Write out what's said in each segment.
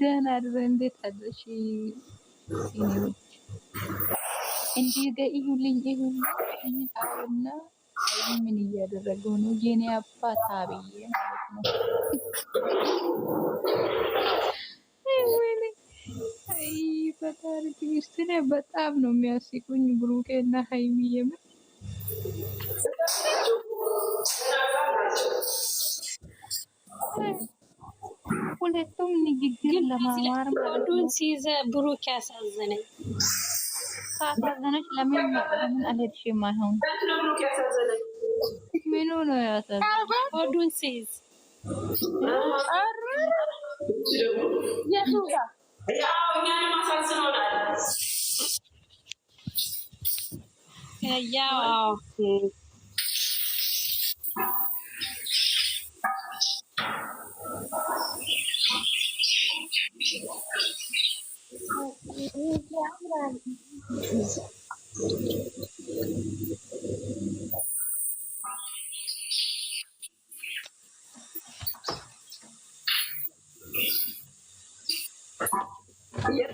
ደህና አድረህ እንዴት አለሽ? እንዲህ ይሁልኝ ይሁን እና አይ ምን እያደረገው ነው የኔ አባት አብዬ ማለት ነው። አይ ፈጣሪ ትዕግስትን በጣም ነው የሚያስቁኝ ብሩኬ እና ሀይሚ የምር ሁለቱም ንግግር ለማማር ማዱን ሲይዘ ብሩክ ያሳዘነኝ ካሳዘነች ለምን ለምን አልሄድሽም? አሁን ምኑ ነው ያሳዘነኝ? ማዱን ሲይዝ ያው Jetzt 4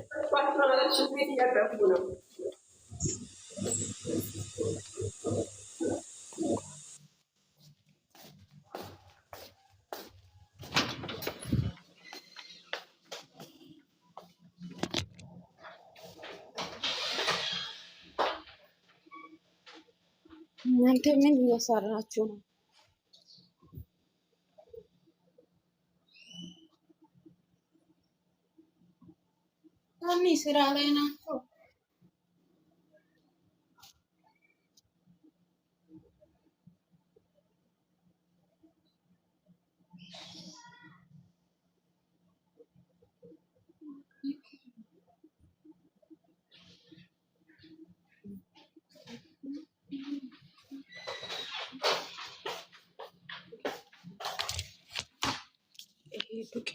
Monate schon wieder bei እያሳራችሁ ነው። ታኒ ስራ ላይ ነው።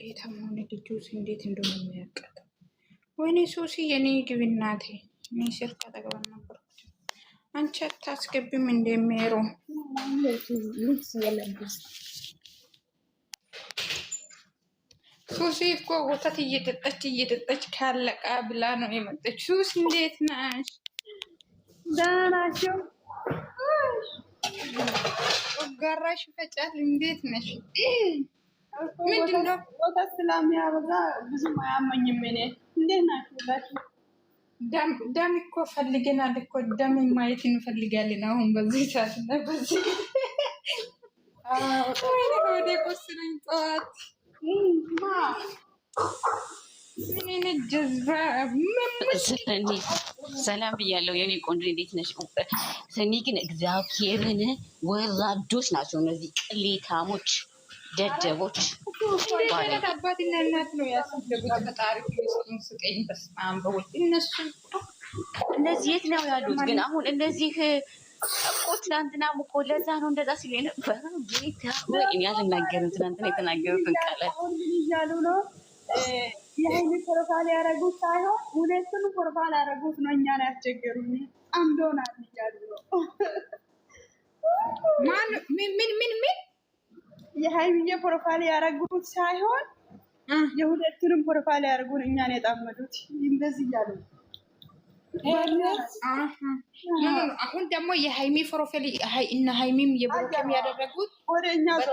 የታመው ልጁ እንዴት እንደሆነ የሚያውቀው ወይኔ ሶሲ የኔ ግብናቴ እኔ ስልክ አጠገብ ነበርኩት። አንቺ አታስገቢም እንደሚሄሩ የለብስ ሱሲ እኮ ወተት እየጠጣች እየጠጣች ካለቃ ብላ ነው የመጠች። ሱስ እንዴት ናሽ? ደህና ናቸው። ጨጓራሽ እንዴት ነሽ? ምንድነው ነው ስለሚያበዛ ብዙም አያመኝም። እኔ እንዴት ናችሁ ደም እኮ ፈልገናል እኮ ደም ማየት እንፈልጋለን። አሁን በዚህ ሰዓት በዚህ ቆስለኝ ጠዋት ሰላም ብያለሁ የኔ ቆንጆ፣ እንዴት ነሽ? ሰኒ ግን እግዚአብሔርን ወራዶች ናቸው እነዚህ ቅሌታሞች። ደደቦች አባትና እናት ነው ያሳደጉት። ፈጣሪ ስጡን ስጠኝ። በስመ አብ በወልድ እነሱ እነዚህ የት ነው ያሉት? ግን አሁን እነዚህ እኮ ትናንትና እኮ ለዛ ነው እንደዛ ሲሉ የነበረው። ጌታ ወይ አልናገርም። ትናንትና የተናገሩትን ቃላት እያሉ ነው የአይነት ፕሮፋይል ያደረጉት ሳይሆን እውነቱን ፕሮፋይል ያደረጉት ነው። እኛን ያስቸገሩኝ አንዶናል እያሉ ነው ምን ምን የሀይሚዬ ፕሮፋይል ያደረጉት ሳይሆን የሁለቱንም ፕሮፋይል ያደርጉን እኛን የጣመዱት እንደዚህ እያሉ አሁን ደግሞ የሀይሚ ፕሮፋይል እና ሀይሚም የቦታም ያደረጉት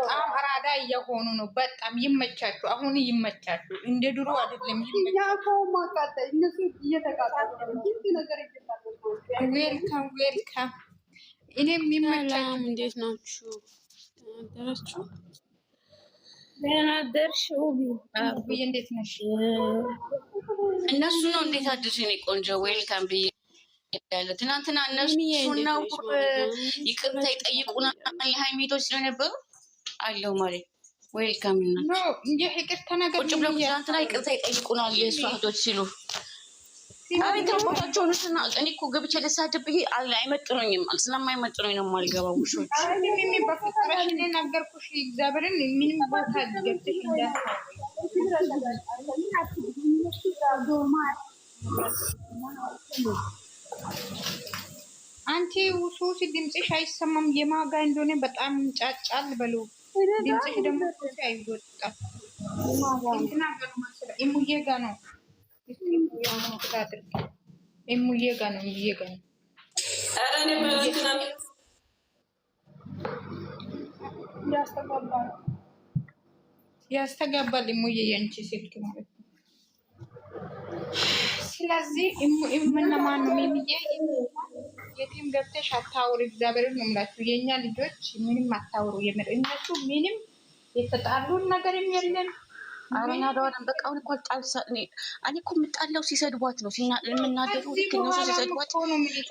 በጣም አራዳ እየሆኑ ነው። በጣም ይመቻችሁ፣ አሁን ይመቻችሁ። እንደ ድሮ አይደለም። ዌልካም ዌልካም። እኔም ይመቻችሁ። እንዴት ናችሁ? ደረችሁ ደህና አደርሽ ውቢ። ውብዬ እንዴት ነሽ? እነሱ ነው እንዴት አደርሽ የእኔ ቆንጆ። ዌልካም ብዬ ያለ ትናንትና እነሱና ይቅርታ ይጠይቁና የሃይሜቶች ስለነበሩ አለው ማለት ዌልካም ና ይቅርታ ነገር ቁጭ ብለው ትናንትና ይቅርታ ይጠይቁናል የእሷ እህቶች ሲሉ ቻቸውንና እኔ እኮ ገብቼ ልሳደብ ይሄ አይመጥኑኝም። ስለማይመጥኑኝ ነው የማልገባው። ውሾች ነገርኩሽ። እግዚአብሔርን ምንም ቦታ አንቺ ውሱሲ ድምፅሽ አይሰማም። የማጋ እንደሆነ በጣም ጫጫል በሉ። ድምፅሽ ደግሞ አይወጣም። እንትና ጋ መሰለኝ፣ እሙዬ ጋ ነው ሙዬ ጋ ነው ሙዬ ጋ ነው። ያስተጋባል ሙዬ የአንቺ ስልክ ማለት ነው። ስለዚህ ነው የቲም ገብተሽ እግዚአብሔር ነው የምላችሁ የእኛ ልጆች ምንም አታውሩ። የምር እነሱ ምንም የተጣሉን ነገርም የለም አረና ደዋን በቃ አሁን እኮ አልጣልሳ እኔ እኮ የምጣለው ሲሰድቧት ነው የምናደዱ። ልክነሱ ሲሰድቧት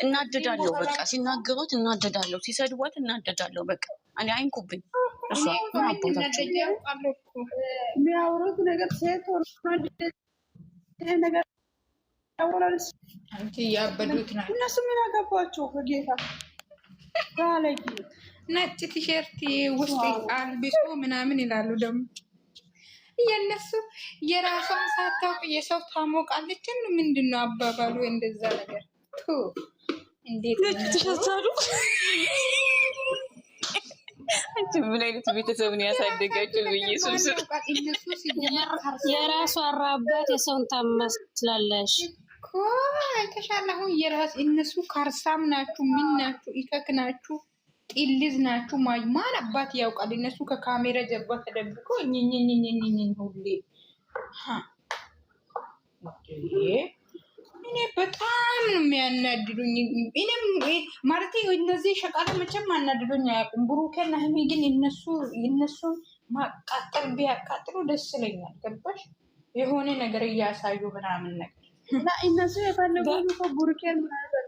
እናደዳለሁ። በቃ ሲናገሩት እናደዳለሁ፣ ሲሰድቧት እናደዳለሁ። በቃ እኔ አይንኩብኝ። የሚያወሩት ነገር ሴት ነገር ነው። እነሱ ምን አገባቸው ከጌታ ነጭ ቲሸርት ውስጥ አልብሶ ምናምን ይላሉ ደግሞ የእነሱ የራሷን ሳታውቅ የሰው ታሞቃለች። ምንድን ነው አባባሉ? እንደዛ ነገር እንዴት ትሻሳሉ? ምን አይነት ቤተሰብ ነው ያሳደጋቸው? በኢየሱስም የራሷ አራባት የሰውን ታመስላለሽ። አይተሻል። አሁን የራስ እነሱ ካርሳም ናችሁ፣ ምን ናችሁ፣ ኢከክ ናችሁ ጢልዝ ናችሁ። ማን አባት ያውቃል? እነሱ ከካሜራ ጀርባ ተደብቆ እኝኝኝኝኝኝኝ ሁሌ እኔ በጣም ነው የሚያናድዱኝ። እኔም ማለት እነዚህ ሸቃላ መቼም አናድዶኝ አያውቁም። ብሩኬና ሀይሚ ግን እነሱ እነሱን ማቃጠል ቢያቃጥሉ ደስ ይለኛል። ገባሽ? የሆነ ነገር እያሳዩ ምናምን ነገር እና እነሱ የፈለጉ ብሩኬን ምናምን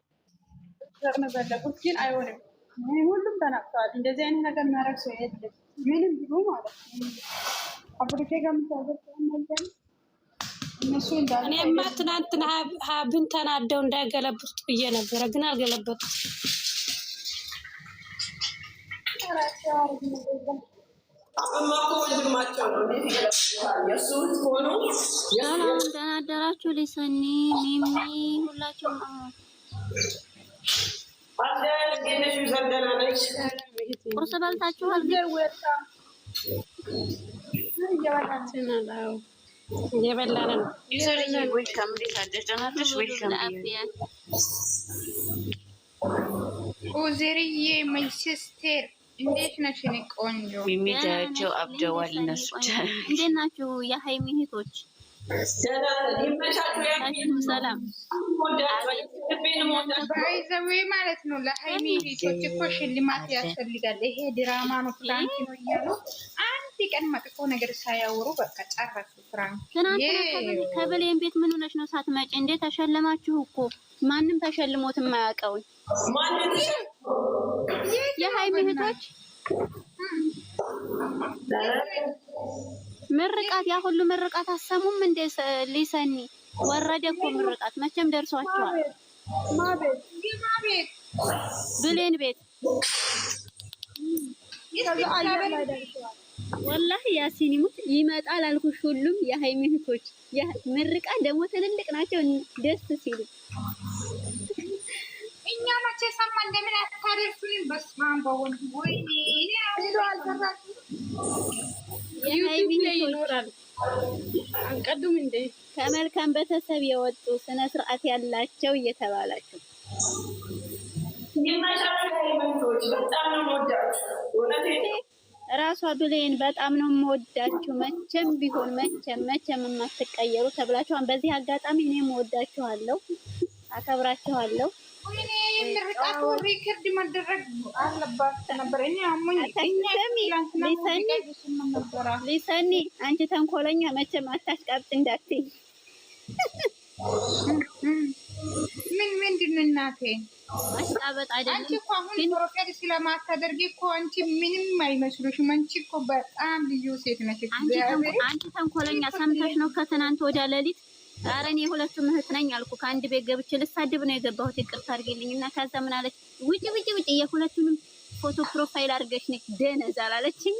ነገር ግን አይሆንም ሁሉም ተናግተዋል። እንደዚህ አይነት ነገር የሚያደርግ ሰው የለም። ምንም ብሎ ማለት ነው አብሪኬ ጋር የምታዘብ እነሱ እኔማ ትናንትና ሀብን ተናደው እንዳይገለብጡት ብዬ ነበረ፣ ግን አልገለበጡት። ሰላም ደህና አደራችሁ ሊሰኒ ሚሚ ሁላችሁም ቁርስ በልታችኋል? ኡዘርዬ ማንቸስተር እንዴት ነሽ? እኔ ቆንጆ የሚዳቸው አብደዋል። እነሱ እንዴት ናችሁ? የሀይሚ እህቶች ሰላም ማለት ነው ለሀይሚ ቤቶች እኮ ሽልማት ያስፈልጋል። ይሄ ድራማ ነው፣ ፍራንክ ነው እያሉ አንድ ቀን መጥፎ ነገር ሳያወሩ በቃ ጨረሱ። ፍራንክ ትናንትና ከበሌን ቤት ምን ሆነች ነው ሳትመጪ እንዴት ተሸለማችሁ እኮ ማንም ተሸልሞት የማያውቀውን የሀይሚ ቤቶች ምርቃት፣ ያ ሁሉ ምርቃት አሰሙም እንዴ? ሊሰኒ ወረደ እኮ ምርቃት መቼም ደርሷቸዋል። ብሌን ቤት ወላሂ ያሲን ይሙት ይመጣል አልኩሽ። ሁሉም የሀይሚ እህቶች ምርቃ ደግሞ ትልልቅ ናቸው ደስ ሲሉ እኛ መቼ ሰማ እንደምን አታደርሱኝ። በስመ አብ በወልድ ወይኔ ይኖራል አንቀዱም እንዴ? ከመልካም ቤተሰብ የወጡ ስነ ስርዓት ያላቸው እየተባላችሁ ራሷ ብሌን በጣም ነው የምወዳችሁ። መቼም ቢሆን መቼም መቼም የማትቀየሩ ተብላችኋል። በዚህ አጋጣሚ እኔም እወዳችኋለሁ፣ አከብራችኋለሁ። ሪከርድ መደረግ አለባት ነበር። እኔ አሞኝ ሊሰኒ አንቺ ተንኮለኛ መቼም አታሽቃብጥ እንዳትይኝ። ምን ምንድን እናቴ ማሽቃበጥ አይደለም። አንቺ እኮ አሁን ፕሮፌት ስለማታደርጊ እኮ አንቺ ምንም አይመስሉሽም። አንቺ እኮ በጣም ልዩ ሴት ነች። አንቺ ተንኮለኛ ሰምተሽ ነው ከትናንት ወዲያ ሌሊት ኧረ እኔ ሁለቱም እህት ነኝ አልኩ። ከአንድ ቤት ገብቼ ልሳድብ ነው የገባሁት። ይቅርታ አድርጌልኝ እና ከዛ ምን አለች? ውጭ ውጭ ውጭ የሁለቱንም ፎቶ ፕሮፋይል አድርገሽ ነች ደነዝ አላለችኛ።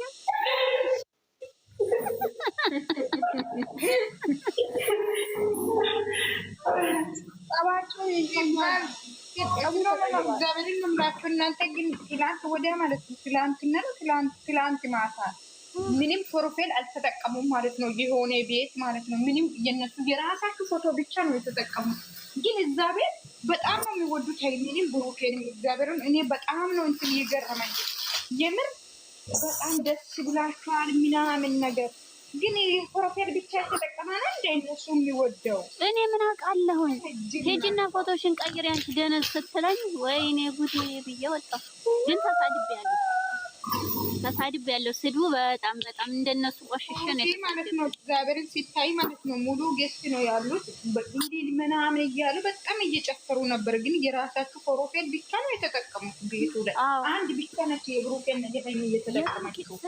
እግዚአብሔርን እምላችሁ እናንተ ግን ትላንት ወዲያ ማለት ነው ትላንትና ነው ትላንት ማታ ምንም ፕሮፋይል አልተጠቀሙም ማለት ነው። የሆነ ቤት ማለት ነው። ምንም የነሱ የራሳቸው ፎቶ ብቻ ነው የተጠቀሙት። ግን እዛ ቤት በጣም ነው የሚወዱት ሃይሚንም ብሩኬንም እግዚአብሔርን። እኔ በጣም ነው እንትን እየገረመኝ የምር በጣም ደስ ብላችኋል ምናምን ነገር ግን ፕሮፋይል ብቻ የተጠቀመ እንደ እነሱ የሚወደው። እኔ ምን አውቃለሁኝ። ሄጅና ፎቶሽን ቀይሪ አንቺ ደነዝ ስትለኝ ወይኔ ጉድ ብዬ ወጣሁ። ግን ተሳድቤያለሁ ተሳድብ ያለው ስድቡ በጣም በጣም እንደነሱ ቆሽሽ ነው ማለት ነው። እግዚአብሔር ሲታይ ማለት ነው ሙሉ ጌስት ነው ያሉት እንዲል ምናምን እያሉ በጣም እየጨፈሩ ነበር። ግን የራሳቸው ኮሮፌል ብቻ ነው የተጠቀሙት። ቤቱ ላይ አንድ ብቻ ነች የብሩኬን ነገር እየተጠቀማችሁ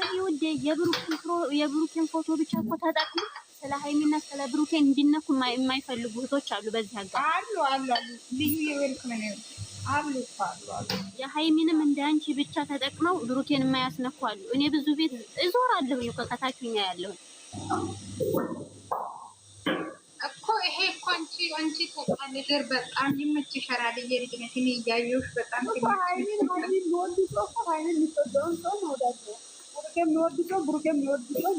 የብሩኬን ፎቶ ብቻ እኮ ተጠቅሙ። ስለ ሀይሚና ስለ ብሩኬን እንዲነኩ የማይፈልጉ እህቶች አሉ። በዚህ አጋ አሉ አሉ አሉ ልዩ የወልክ ነው አሉ የሀይሚንም እንደ አንቺ ብቻ ተጠቅመው ብሩኬን የማያስነኩ አሉ። እኔ ብዙ ቤት እዞራለሁ ከታችኛ ያለሁ እኮ ይሄ እኮ አንቺ አንቺ ተቃ በጣም ይመችሻል አለየ እኔ እያየሁሽ በጣም ሚወድ የሚወድ ሰው ብሩኬ የሚወድ ሰው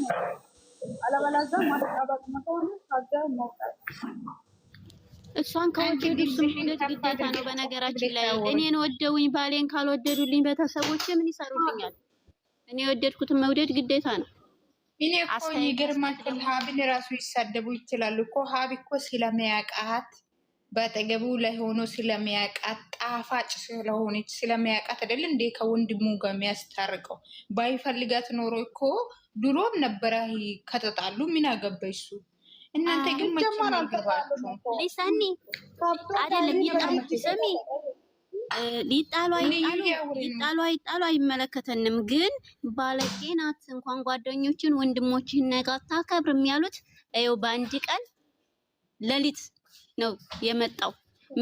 አለበለዚያ ማስጠባቅ መሆኑ ከዛ መውጣት እሷን ከወደዱ እሱን መውደድ ግዴታ ነው። በነገራችን ላይ እኔን ወደውኝ ባሌን ካልወደዱልኝ ቤተሰቦቼ ምን ይሰሩልኛል? እኔ የወደድኩትን መውደድ ግዴታ ነው። እኔ እኮ ይገርማችል ሀብን ራሱ ይሳደቡ ይችላሉ እኮ ሀብ እኮ ስለሚያቃት በጠገቡ ላይ ሆኖ ስለሚያቃት ጣፋጭ ስለሆነች ስለሚያቃት አይደል እንዴ ከወንድሙ ጋር የሚያስታርቀው ባይፈልጋት ኖሮ እኮ ድሮም ነበረ ከተጣሉ ምን አገባ እሱ እናንተ ግን መቼም አይደለም ይጣሉ ሊጣሉ አይጣሉ ሊጣሉ አይመለከተንም። ግን ባለጌ ናት እንኳን ጓደኞችን ወንድሞችን ነገር አታከብርም ያሉት ይኸው በአንድ ቀን ሌሊት ነው የመጣው።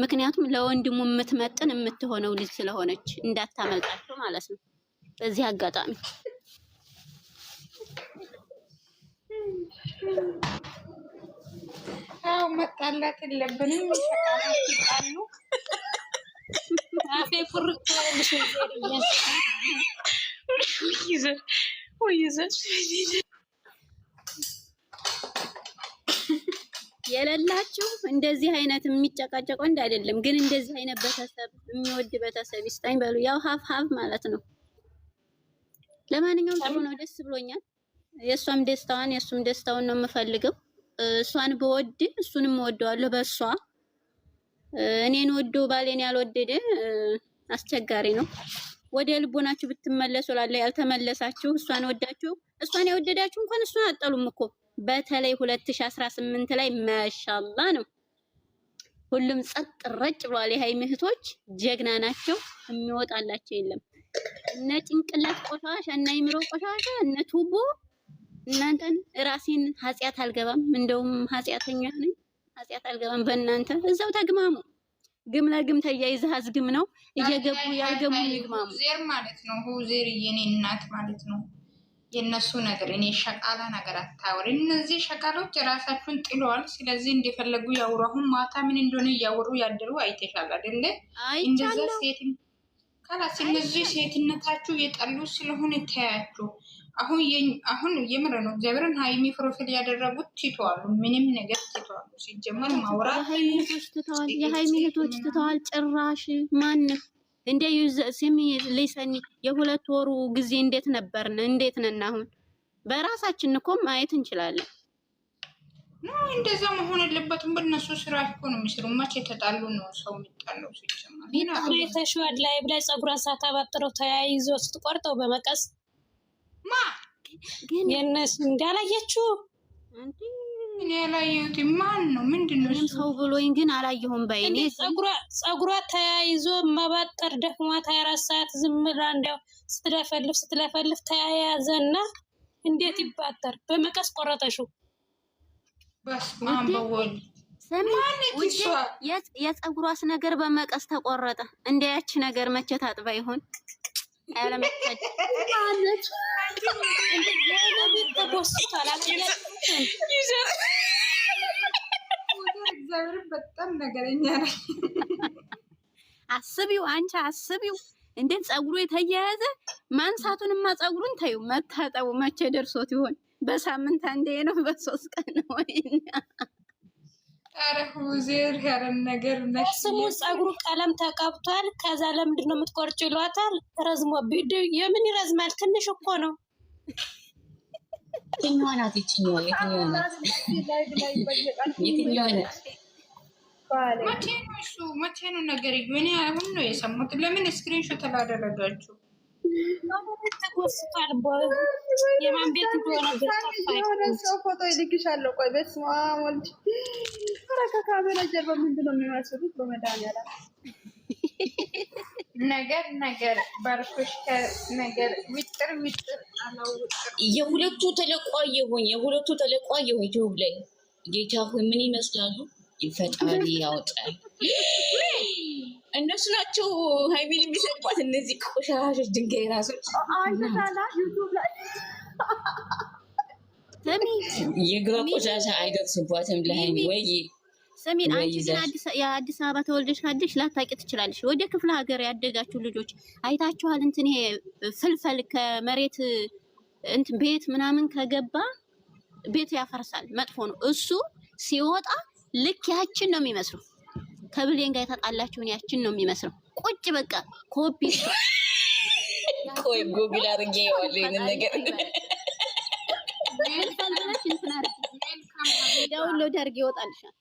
ምክንያቱም ለወንድሙ የምትመጥን የምትሆነው ልጅ ስለሆነች እንዳታመልጣቸው ማለት ነው። በዚህ አጋጣሚ አዎ መጣላት የለብንም። ይሰቃሉ አፌ ቁርጥ ያለሽ እንደዚህ አይነት የሚጨቃጨቀው እንደ አይደለም፣ ግን እንደዚህ አይነት ቤተሰብ የሚወድ ቤተሰብ ይስጠኝ በሉ። ያው ሀፍ ሀፍ ማለት ነው። ለማንኛውም ጥሩ ነው፣ ደስ ብሎኛል። የእሷም ደስታዋን የእሱም ደስታውን ነው የምፈልገው። እሷን በወድ እሱንም ወደዋለሁ በእሷ እኔን ወዶ ባሌን ያልወደደ አስቸጋሪ ነው። ወደ ልቦናችሁ ብትመለሱ እላለሁ። ያልተመለሳችሁ እሷን ወዳችሁ እሷን የወደዳችሁ እንኳን እሷን አጠሉም እኮ በተለይ ስምንት ላይ ማሻላ ነው። ሁሉም ጸጥ ረጭ ብሏል። የሀይሚ እህቶች ጀግና ናቸው። የሚወጣላቸው የለም። እነ ጭንቅላት ቆሻሻ፣ እነ አይምሮ ቆሻሻ፣ እነ ቱቦ እናንተን ራሴን ኃጢአት አልገባም፣ እንደውም ኃጢአተኛ ነኝ፣ ኃጢአት አልገባም በእናንተ እዛው ተግማሙ። ግም ለግም ተያይዘህ አዝግም ነው እየገቡ ያልገቡ ይግማሙ። ዜር ማለት ነው ዜር የኔ እናት ማለት ነው። የእነሱ ነገር እኔ ሸቃላ ነገር አታወሪ። እነዚህ ሸቃሎች ራሳችሁን ጥለዋል። ስለዚህ እንደፈለጉ ያውሩ። አሁን ማታ ምን እንደሆነ እያወሩ ያደሩ አይተሻል አደለ? እንደዛ ሴት ካላስ እነዚህ ሴትነታችሁ የጠሉ ስለሆነ ተያያችሁ አሁን አሁን የምር ነው እግዚአብሔርን ሀይሚ ፕሮፊል ያደረጉት ትተዋሉ። ምንም ነገር ትተዋሉ። ሲጀመር ማውራት ሀይሚቶች ትተዋል፣ የሀይሚ እህቶች ትተዋል። ጭራሽ ማን እንደ ስሚ ሊሰኒ የሁለት ወሩ ጊዜ እንዴት ነበርን? እንዴት ነን? አሁን በራሳችን እኮ ማየት እንችላለን። እንደዛ መሆን የለበትም። በእነሱ ስራ እኮ ነው የሚስሩ። መቼ የተጣሉ ነው ሰው የሚጣለው? ሲጀመር ተሸዋድ ላይ ብላይ ጸጉሯን ሳታባጥረው ተያይዞ ስትቆርጠው በመቀስ ማ ግን የነሱ እንዳላያችሁ ማን ነው ምንድን ነው ሰው ብሎኝ ግን አላየሁም። በይኔ ፀጉሯ ተያይዞ መባጠር ደክሟት ሀያ አራት ሰዓት ዝም ብላ እንዲያው ስትለፈልፍ ስትለፈልፍ ተያያዘና እንዴት ይባጠር? በመቀስ ቆረጠሽው። የፀጉሯስ ነገር በመቀስ ተቆረጠ። እንዲያች ነገር መቼ ታጥባ ይሆን? በጣም ነገረኛ ነኝ። አስቢው አንቺ አስቢው፣ እንዴት ፀጉሩ የተያያዘ ማንሳቱንማ፣ ፀጉሩን ታዩ መታጠቡ መቼ ደርሶት ይሆን? በሳምንት አንዴ ነው፣ በሶስት ቀን ወይ ነገር ስሙ ፀጉሩ ቀለም ተቀብቷል። ከዛ ለምንድን ነው የምትቆርጭ ይሏታል። ረዝሞ የምን ይረዝማል? ትንሽ እኮ ነው። የትኛዋ ናት? የትኛዋ መቼ ነው ነገርዬው? እኔ አሁን ነው የሰማሁት። ለምን ስክሪንሾት አላደረጋችሁ? ቤት እንደሆነ ፎቶ ይልክሻለሁ። ቆይ በስመ አብ ወልድ ኧረ ከካሜራ ጀርባ ምንድን ነው የሚመስሉት? በመድኃኒዓለም ነገር ነገር ባርኮሽ ነገር ውጥር ውጥር የሁለቱ ተለቋየ ሆኝ የሁለቱ ተለቋየ ሆኝ ዩቲዩብ ላይ ጌታ ሆይ ምን ይመስላሉ? ይፈጣሪ ያውጣል። እነሱ ናቸው ሀይሚን የሚሰድቧት። እነዚህ ቆሻሾች ድንጋይ ራሶች የግሮ ቆሻሻ አይደርስባትም ለሀይሚ ወይ ሰሜን አንቺ ግን የአዲስ አበባ ተወልደሽ አደሽ ላታቂ ትችላለሽ። ወደ ክፍለ ሀገር ያደጋችሁ ልጆች አይታችኋል። እንትን ይሄ ፍልፈል ከመሬት እንትን ቤት ምናምን ከገባ ቤት ያፈርሳል፣ መጥፎ ነው። እሱ ሲወጣ ልክ ያችን ነው የሚመስለው ከብሌን ጋር የተጣላችሁን ያችን ነው የሚመስለው። ቁጭ በቃ ኮፒ ቆይ ጎግል አድርጌ የዋለኝ ነገር ዳውንሎድ አድርጌ ይወጣልሻል።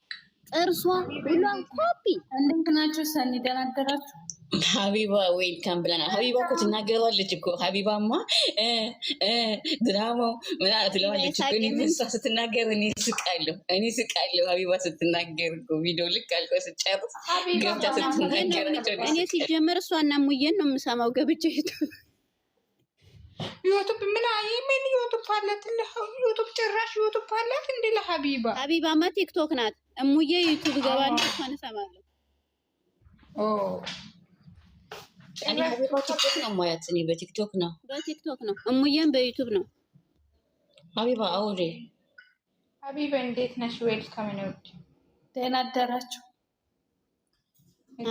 ጥርሷ ብሏን ኮፒ እንዴት ናችሁ? ሰኒ ደህና ሀቢባ ዌልካም ብለናል። ሀቢባ እኮ ትናገረዋለች እኮ ሀቢባማ ድራማው ምናምን ትለዋለች እኮ። እኔ እሷ ስትናገር እኔ ስቃለሁ፣ እኔ ስቃለሁ። ሀቢባ ስትናገር እኮ ቪዲዮ ልክ አልቆ ስጨርስ ገብታ ስትናገር እኔ ሲጀመር እሷና ሙዬን ነው የምሰማው ገብቼ ሄዱ ዩቱብ ምን አይ ምን ዩቱብ አላት ዩቱብ ጭራሽ ዩቱብ አላት እንዲ ለሀቢባ ሀቢባማ ቲክቶክ ናት። እሙዬ ዩቱብ ገባለች ሆነ እሰማለሁ በቲክቶክ ነው ማያት። እኔ በቲክቶክ ነው በቲክቶክ ነው እሙዬም በዩቱብ ነው። ሀቢባ አውሬ ሀቢባ እንዴት ነሽ? ዌልካም ነው። ደህና አደራችሁ?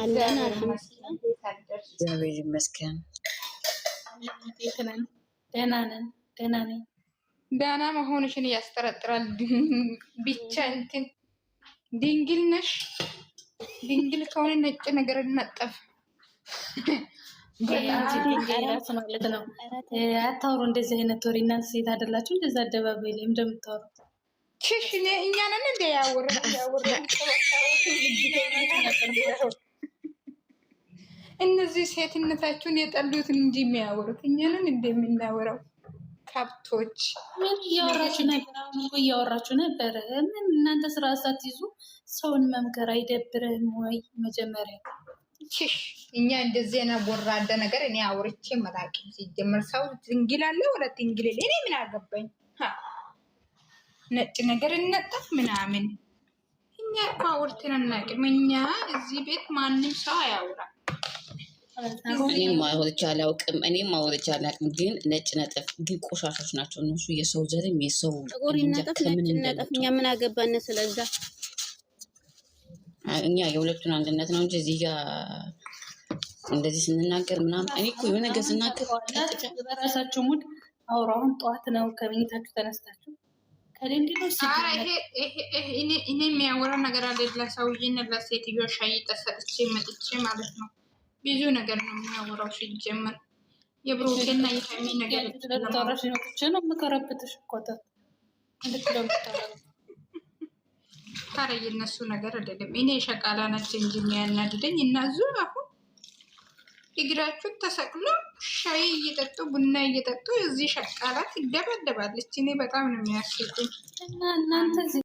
አለን አልሐምዱሊላህ። እግዚአብሔር ይመስገን። ደህና ነን። ደህና ነኝ። ደህና መሆንሽን ያስጠረጥራል። ብቻ እንትን ድንግል ነሽ። ድንግል ከሆነ ነጭ ነገር እናጠፍ ማለት ነው። አታውሩ እንደዚህ አይነት ወሬ እናንተ ሴት አይደላችሁ እንደዛ አደባባይ ላይ እንደምታወሩት? ሽሽ እኛንን እንደ ያውር እነዚህ ሴትነታችሁን የጠሉትን እንጂ የሚያወሩት እኛንን እንደምናወራው ከብቶች ምን እያወራችሁ ነበር? እያወራችሁ ነበረ። ምን እናንተ ስራ ሳትይዙ ሰውን መምከር አይደብርህም ወይ መጀመሪያ ሽሽ እኛ እንደዚህ ና ወራደ ነገር እኔ አውርቼ መላቅም ሲጀመር ሰው ትንግል አለ ሁለት እንግል እኔ ምን አገባኝ? ነጭ ነገር እነጠፍ ምናምን እኛ እኮ አውርተን አናውቅም። እኛ እዚህ ቤት ማንም ሰው አያውራም። እኔም አውርቼ አላውቅም። እኔም አውርቼ አላውቅም። ግን ነጭ ነጥፍ ግን ቆሻሾች ናቸው እነሱ የሰው ዘርም የሰው ነጥፍ ነጥፍ እኛ ምን አገባነ ስለዛ እኛ የሁለቱን አንድነት ነው እንጂ እዚህ ጋር እንደዚህ ስንናገር ምናምን እኔ እኮ የሆነ ነገር ስናገር በራሳችሁ ሙድ አውራውን ጠዋት ነው ከመኝታችሁ ተነስታችሁ ይሄ የሚያወራ ነገር አለ ለሰውዬን ለሴትዮ ሻይ ጠሰጥቼ መጥቼ ማለት ነው። ብዙ ነገር ነው የሚያወራው ሲጀምር የብሩኬና የሀይሚ ነገር ነው። ታረ የነሱ ነገር አይደለም። እኔ ሸቃላ ነች እንጂ የሚያናድደኝ እና ዙ አሁን እግራችሁ ተሰቅሎ ሻይ እየጠጡ ቡና እየጠጡ እዚህ ሸቃላት ይደበደባለች። እኔ በጣም ነው የሚያስገኝ።